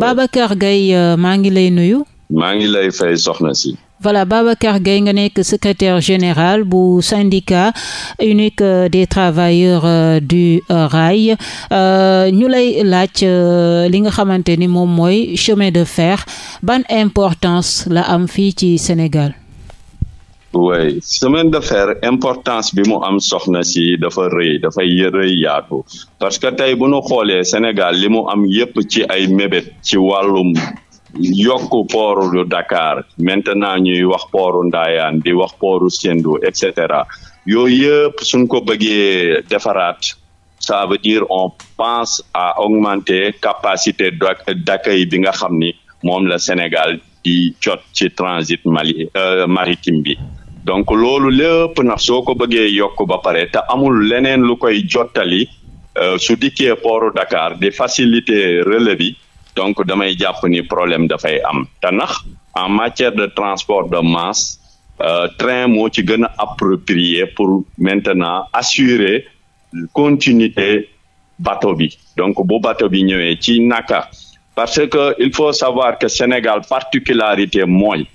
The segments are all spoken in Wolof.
Babacar Gaye euh, maa ngi lay nuyu. maa ngi lay fay soxna si. voilà Babacar Gaye nga nekk secrétaire général bu syndicat unique euh, des travailleurs euh, du rail ñu lay laaj li nga xamante ni moom mooy chemin de fer ban importance la am fii ci Sénégal. oui semaine de fer importance bi mu am soxna si dafa rëy dafay rëy yaatu parce que tey bu nu xoolee Sénégal li mu am yëpp ci ay mébét ci wàllum yokk pooru Dakar maintenant ñuy wax pooru Ndayane bi wax pooru Sendou et cetera yooyu yëpp suñ ko bëggee defaraat ça veut dire on pense à augmenter capacité d'accueil bi nga xam ni moom la Sénégal di jot ci transit euh, maritime bi donc loolu lépp nax soo ko bëggee yokk ba pare te amul leneen lu koy jottali euh, su dikkee pooru Dakar di facilité relais bi donc damay jàpp ni problème dafay am te nax en matière de transport de masse euh, train moo ci gën a approprié pour maintenant assurer continuité bateau bi donc bu bateau bi ñëwee ci naka parce que il faut savoir que Sénégal particularité mooy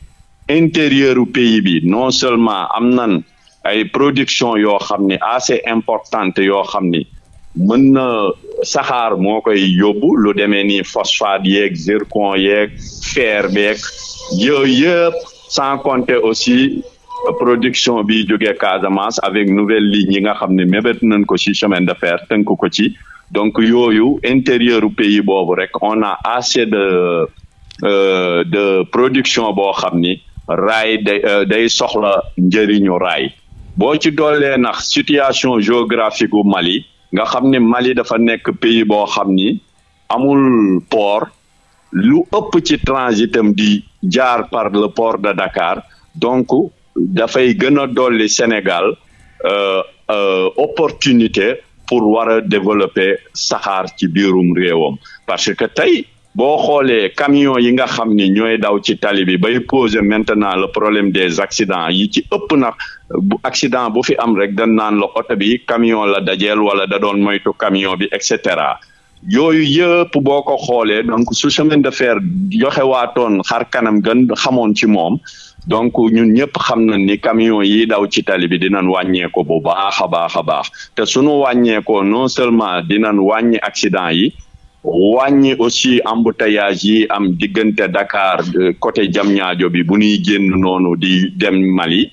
intérieur u pays bi non seulement am nan ay production yoo xam ni assez importante yoo xam ni mën na saxaar moo koy yóbbu lu demee ni phosphate yeeg zircon yeeg fer beeg yooyu yëpp sans compter aussi production bi jóge Casamance avec nouvelle ligne yi nga xam ni mébét nañ ko ci chemin de fer tënk ko ci donc yooyu intérieur u pays boobu rek on a assez de euh, de production boo xam ni raay day euh, day soxla njëriñu raay boo ci doolee nag situation géographique Mali nga xam ni Mali dafa nekk pays boo xam ni amul port lu ëpp ci transitam di jaar par le port de Dakar donc dafay gën a dolli Sénégal euh, euh, opportunité pour war a développer saxaar ci biirum réewam parce que tey boo xoolee camion yi nga xam ni ñooy daw ci tali bi bay poser maintenant le problème des accidents yi ci ëpp nag bu accident bu fi am rek dañ naan la oto bi camion la dajeel wala da doon moytu camion bi et cetera yooyu yëpp boo ko xoolee donc su chemin de faire joxe waatoon xar kanam gën xamoon ci moom donc ñun ñëpp xam na ni camion yi daw ci tali bi dinañ wàññeeko bu baax a baax a baax te suñu wàññeekoo non seulement dinañ wàññi accident yi wàññi aussi embouteillage yi am diggante Dakar euh, côté Diamniadio bi bu ñuy génn noonu di dem Mali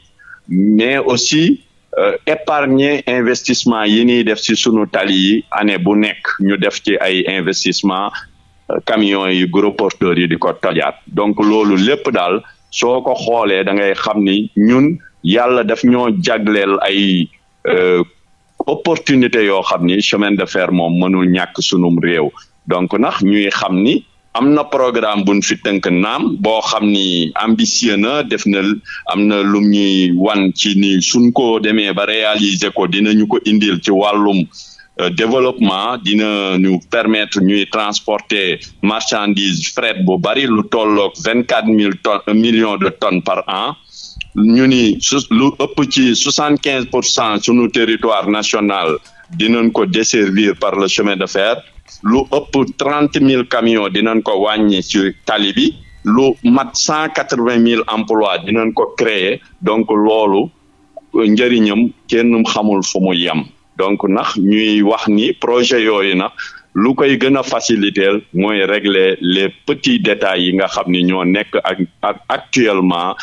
mais aussi euh, épargner investissement yi ñuy def ci sunu tali yi année bu nekk ñu def ci ay investissement euh, yi gros porteurs yi di ko tojaat donc loolu lépp daal soo ko xoolee da ngay xam ni ñun yàlla daf ñoo jagleel ay euh, opportunité yoo xam ni chemin de faire moom mënul ñàkk sunum réew donc nax ñuy xam ni am na programme buñ fi tënk naam boo xam ni ambitieux na def na am na lu ñuy wan ci ni suñ ko demee ba réaliser ko dina ñu ko indil ci wàllum euh, développement dina ñu permettre ñuy transporter marchandise fret bu bari lu tolloog vingt quatre mille tonnes euh, millions de tonnes par an ñu ni su lu ëpp ci soixante quinze pour cent sunu territoire national dinañ ko desservir par le chemin de fer lu ëpp trente mille camions dinañ ko wàññi ci tali bi lu mat cent quatre vingt mille emplois dinañ ko créer donc loolu euh, njëriñam kenn xamul fu mu yem donc nax ñuy wax ni projet yooyu na lu koy gën a faciliter mooy régler les petits détails yi nga xam ni ñoo nekk ak actuellement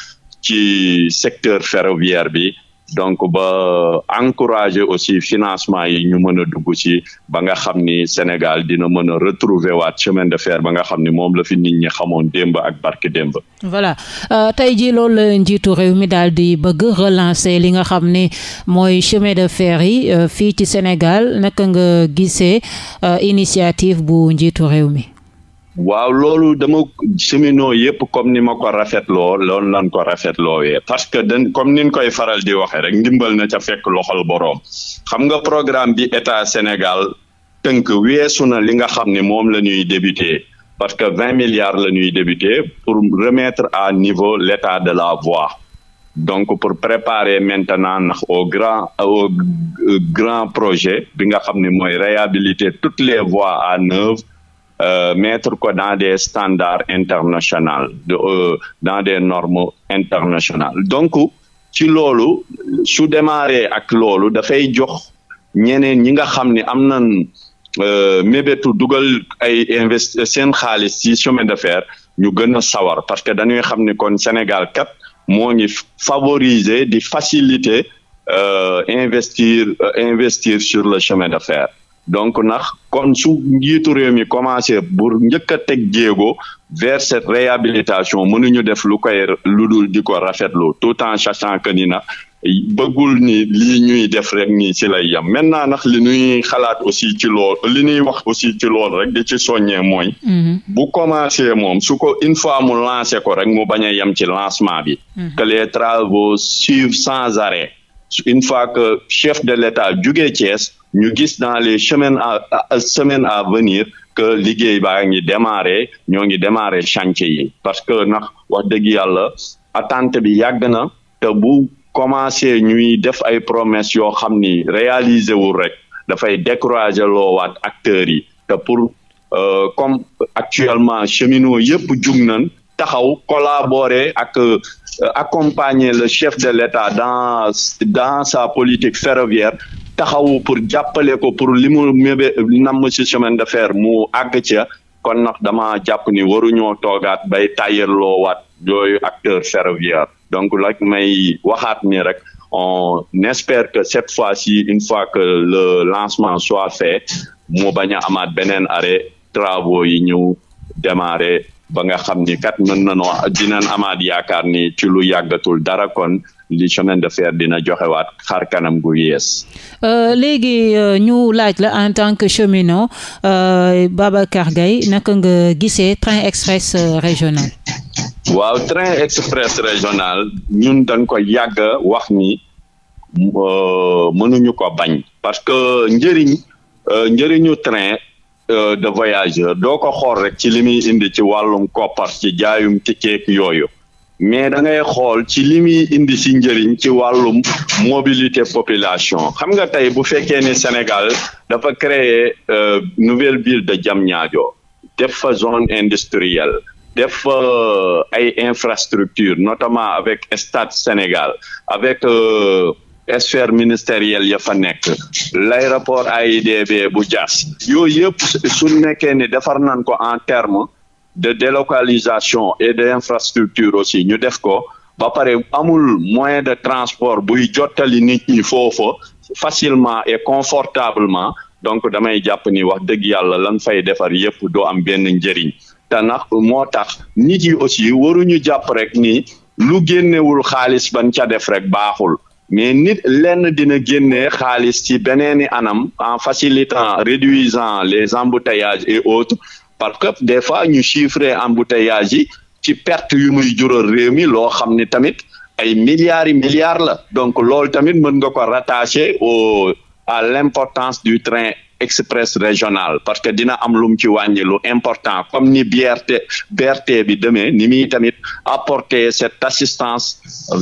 ci secteur ferroviaire bi donc ba encourager aussi financement yi ñu mën a dugg ci ba nga xam ni Sénégal dina mën a retrouver waat chemin de fer ba nga xam ni moom la fi nit ñi xamoon démb ak barke démb. voilà euh, tey jii loolu la njiitu réew mi daal di bëgg relancer li nga xam ni mooy chemin de fer yi euh, fii ci Sénégal naka nga gisee euh, initiative bu njiitu réew mi. waaw loolu dama cheminots yëpp comme ni ma ko rafetloo loolu lan ko rafetloowee parce que dañ comme niñ koy faral di waxee rek ndimbal na ca fekk loxol boroom xam nga programme bi état Sénégal tënk weesu na li nga xam ne moom la ñuy débuté parce que vingt milliards la ñuy débuté pour remettre à niveau l'état de la voie donc pour préparer maintenant ndax au grand au projet bi nga xam ni mooy réhabiliter toutes les voies à neuf euh, mettre ko dans des standards internationaux de, euh, dans des normes internationales donc ci loolu su démarré ak loolu dafay jox ñeneen ñi nga xam ni am nañ euh, mébétu dugal ay investi seen xaalis ci chemin de fer ñu gën a sawar parce que dañuy xam ni kon Sénégal kat moo ngi favoriser di faciliter euh, investir euh, investir sur le chemin de fer donc ndax kon su njiitu réew mi commencé pour njëkk a teg jéego vers cette réhabilitation mënuñu def lu koy lu dul di ko rafetlu tout en sachant que ni na bëggul ni lii ñuy def rek nii ci lay yem maintenant nax li ñuy xalaat aussi ci lool li ñuy wax aussi ci lool rek di ci soññee mooy. Mm-hmm. bu commencé moom su ko une fois mu lancé ko rek mu bañ a yem ci lancement bi. Mm-hmm. que les travaux suivent sans arrêt une fois que chef de l'État jóge Thiès. ñu gis dans les semaines à semaines à venir que liggéey baa ngi démarrer ñoo ngi démarrer chantier yi parce que ndax wax dëgg yàlla attente bi yàgg na te bu commencé ñuy def ay promesses yoo xam ni réaliser wul rek dafay décourager loowaat acteurs yi te pour euh, comme actuellement cheminots yëpp jug nañ taxaw collaborer ak euh, accompagner le chef de l'État dans dans sa politique ferroviaire taxawu pour jàppale ko pour li mu mébé namm ci chemin de fer mu àgg ca kon nax dama jàpp ni waruñoo toogaat bay tàyyaloo waat yooyu acteur ferroviaire donc la may waxaat ni rek on espère que cette fois-ci une fois que le lancement soit fait mu bañ a amaat beneen arrêt travaux yi ñu démarrer ba nga xam ni kat mën nanoo dinañ amaat yaakaar ni ci lu yàggatul dara kon li chemin de fer dina joxe joxewaat xar kanam gu yees. Euh, léegi euh, ñu laaj la en tant que cheminot euh, Babacar Gaye naka nga gisee train express régional. waaw train express régional ñun dañ ko yàgg wax ni mënuñu ko bañ. parce que njëriñ njëriñu train. Euh, de voyageurs doo ko xool rek ci li muy indi ci wàllum koppar ci jaayum ticket yooyu mais da ngay xool ci li muy indi si njëriñ ci wàllum mobilité population xam nga tey bu fekkee ne Sénégal dafa créer euh, nouvelle ville de Diamniadio def fa zone industrielle def fa euh, ay infrastructure notamment avec Stade Sénégal avec. Euh, sphère ministérielle ya fa nekk l'aéroport AIBD bu Diass yooyu yëpp su nekkee ne defar nañ ko en terme de délocalisation et d'infrastructure aussi ñu def ko ba pare amul moyen de transport buy jottali nit ñi foofa facilement et confortablement donc damay jàpp ni wax dëgg yàlla lan fay defar yëpp doo am benn njëriñ te nag moo tax nit yi aussi waruñu jàpp rek ni lu génnewul xaalis ban ca def rek baaxul mais nit lenn dina génne xaalis ci beneeni anam en facilitant réduisant les embouteillages et autres parce que des fois ñu chiffrer embouteillages y ci perte yu muy jural réew mi loo xam ne tamit ay milliards yi milliards la donc loolu tamit mën nga ko rattacher au à l'importance du train express régional parce que dina am lum ci wàññi lu important comme ni BRT BRT bi demee ni muy tamit apporter cette assistance euh,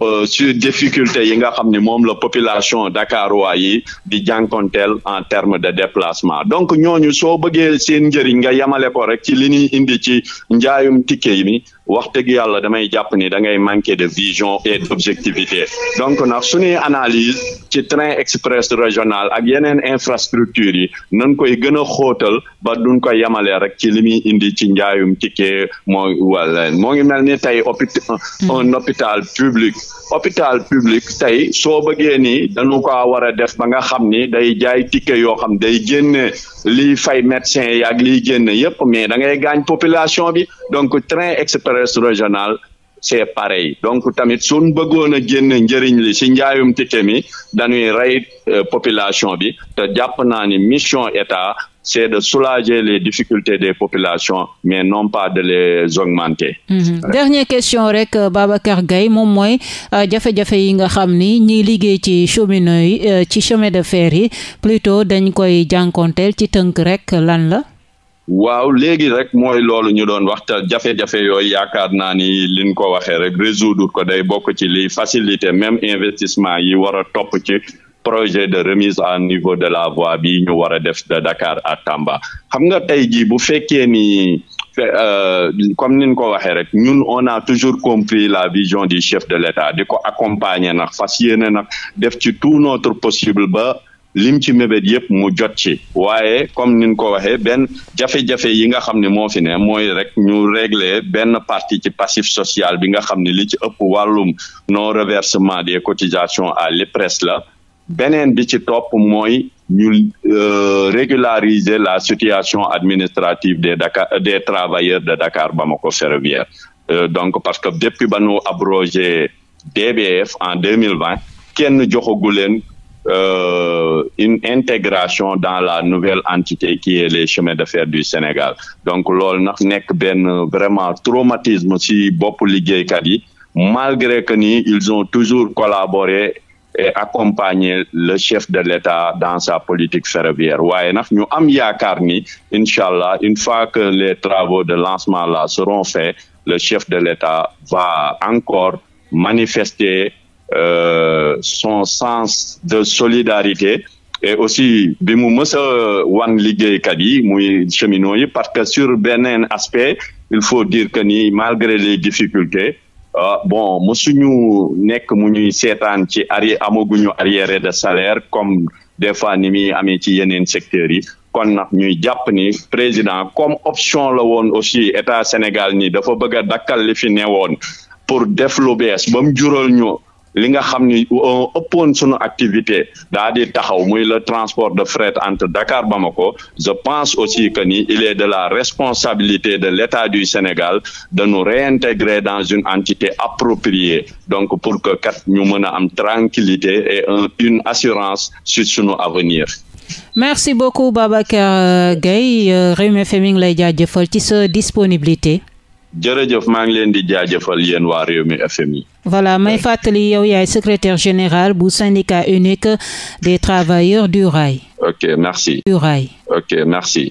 euh, sur difficulté yi nga xam ni moom la population dakarois yi di jànkonteel en terme de déplacement donc ñooñu soo bëggee seen njëriñ nga yemale ko rek ci li ñuy indi ci njaayum ticket mi wax dëgg yàlla damay jàpp ni da ngay manquer de vision et d'objectivité donc nag suñuy analyse ci train express régional ak yeneen infrastructure yi nan koy gën a xóotal ba duñ ko yemalee rek ci li muy indi ci njaayum tike moo wala moo ngi mel ni tey hôpital hmm. un hôpital public hôpital public tey soo bëggee ni danu ko war a def ba nga xam ni day jaay ticket yoo xam day génne li fay médecin yi ak liy génne yépp mais da population bi donc train express régional c'est pareil donc tamit suñ bëggoon a génn njëriñ li ci njaayum ticket mi dañuy rey euh, population bi te jàpp naa ni mission état c'est de soulager les difficultés des populations mais non pas de les augmenter. Mmh. dernière question rek euh, Babacar Gaye moom mooy euh, jafe-jafe yi nga xam ni ñiy liggéey ci cheminots yi ci chemin de fer yi plutôt dañ koy jànkonteel ci tënk rek lan la. waaw léegi rek mooy loolu ñu doon waxta jafe-jafe yooyu yaakaar naa ni liñ ko waxee rek résoudre ko day bokk ci liy facilité même investissement yi war a topp ci projet de remise à niveau de la voie bi ñu war a def de Dakar à Tamba xam nga tey jii bu fekkee ni euh, comme niñ ko waxee rek ñun on a toujours compris la vision du chef de l'État di ko accompagner nag fas yéene nag def ci tout notre possible ba lim ci mébét yëpp mu jot ci waaye comme nin ko waxee benn jafe-jafe yi nga xam ni moo fi ne mooy rek ñu régler benn partie ci passif sociale bi nga xam ne li ci ëpp wàllum non reversement des cotisations à l'IPRES la beneen bi ci topp mooy ñu euh, régulariser la situation administrative des Dakar des travailleurs de Dakar Bamako ferroviaire euh, donc parce que depuis ba nu abrogé DBF en deux mille vingt kenn joxagu leen euh, une intégration dans la nouvelle entité qui est les chemins de fer du Sénégal donc loolu nag nekk benn vraiment traumatisme si bopp liggéeykat yi malgré que ni ils ont toujours collaboré et accompagné le chef de l'État dans sa politique ferroviaire waaye nag ñu am yaakaar ni incha allah une fois que les travaux de lancement là seront faits le chef de l'État va encore manifester Euh, son sens de solidarité et aussi bi mu mës wan liggéeykat yi muy cheminots yi parce que sur beneen aspect il faut dire que ni malgré les difficultés Uh, bon musuñu nekk mu ñuy seetaan ci ari amaguñu arriéré de salaire comme des fois ni muy amee ci yeneen secteurs yi kon nag ñuy jàpp ni président comme option la woon aussi état Sénégal ni dafa bëgg a dakkal li fi ne woon pour def lu bees ba mu jural ñu li nga xam ni ëppoon sunu activité daa di taxaw muy le transport de fret entre Dakar ko je pense aussi que ni il est de la responsabilité de l'État du Sénégal de nous réintégrer dans une entité appropriée donc pour que kat ñu mën a am tranquillité et un, une assurance sur sunu avenir. merci beaucoup Babacar euh, Gueye euh, Rewmi FM mi ngi lay jëfal ci sa disponibilité. jërëjëf maa ngi leen di jaajëfal yéen waa Rewmi FM yi. voilà may fàttali yow yaay secrétaire général bu syndicat unique des travailleurs du rail. ok merci. du rail. ok merci.